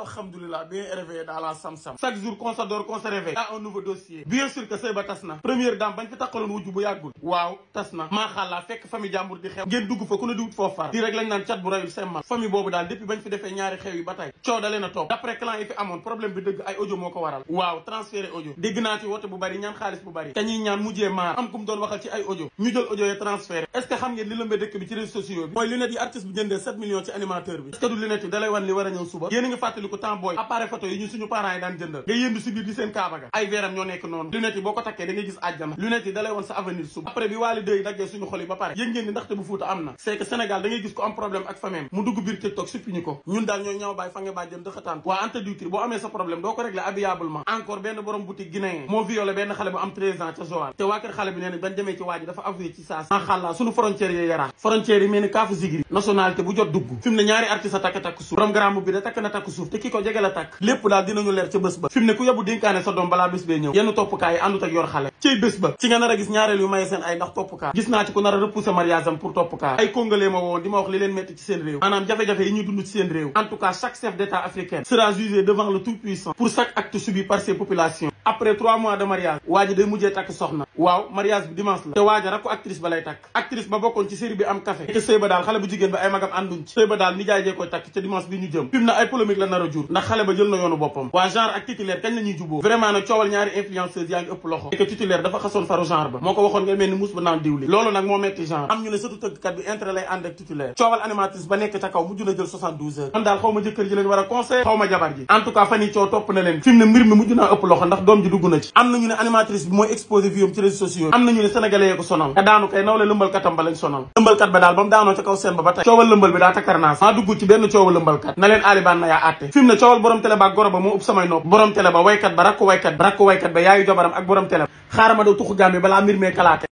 alhamdulilah bien réveillé dans la chaque jour qu'on s'endort qu'on nouveau dossier bien sûr que sëy ba tas na première dame bañ fi takkaloon wujju bu yàggul waaw tas na maaxàllaa fekk famille jàmbur di xew ngeen dugg fa ku ne di wut foofu rek lañ naan cat bu rayul semmal famille boobu daal depuis bañ fi defee ñaari xew yi ba tey coow dalee na topp d'après clan yi fi amoon problème bi dëgg ay audio moo ko waral waaw transféré audio dégg naa ci wote bu bari ko temps booy appareil photo yi ñu suñu parents yi daan jëndal nga yëndu si biir di seen kaaba ga ay veeram ñoo nekk noonu lunettes yi boo ko takkee da gis àjjana lunettes yi dalay woon sa avenir suñu xol yi ba pare yëg ngeen dugg boo amee sa problème doo ko régler habillablement encore benn borom boutique guinéen moo violé benn xale bu am 13 ca Joal te waa kër xale bi nee na dañ ci waa dafa avoué ci saas maxalla suñu frontières yi yaraa frontières yi ki ko jege la tàkk lépp daal dinañu leer ca bés ba fi ne ku yabu dénkaane sa doom balaa bés bee ñëw yenn toppkaa yi àndut yor xale ciy bés ba ci nga nar gis ñaareel yu maye seen ay ndax toppkaa gis naa ci ku nar a repousser mariage am pour toppkaa ay congolais ma di ma wax li leen metti ci seen réew maanaam jafe-jafe yi ñu dund ci seen réew en tout cas chaque chef d'état africain sera jugé devant le tout puissant pour chaque acte après trois mois de mariage waa ji mujjee takk soxna waaw mariage bi dimanche la te waaja rakku actrice ba lay takk actrice ba bokkoon ci série bi am café te sëy ba daal xale bu jigéen ba ay magam ànduñ ci dimanche la nar a jur ndax ba jël na yoonu boppam waa genre ak titulaire kañ la ñuy juboo vraiment nag coowal ñaari yaa ngi ëpp loxo te dafa xasoon faru genre ba moo ko waxoon nga mel ni muus ba naan diwli loolu nag moo a conseil xaw en tout cas fan yi coow topp na leen film doom na ci am nañu ne animatrice bi mooy exposé viom ci réseaux sociaux am nañu ne sénégalais ko sonal te daanu kay naw le lëmbalkatam ba lañ sonal lëmbalkat ba daal ba daanoo ca kaw seen ba ba tey coowal lëmbal bi daa takkarnaas maa dugg ci benn coowal lëmbalkat na leen aali baan na yaa àtte fi ne coowal borom télé ba ak goro ba moo ëpp samay nopp borom télé ba waykat ba rakku waykat ba yaayu jabaram ak borom télé ba xaarama doo tuxu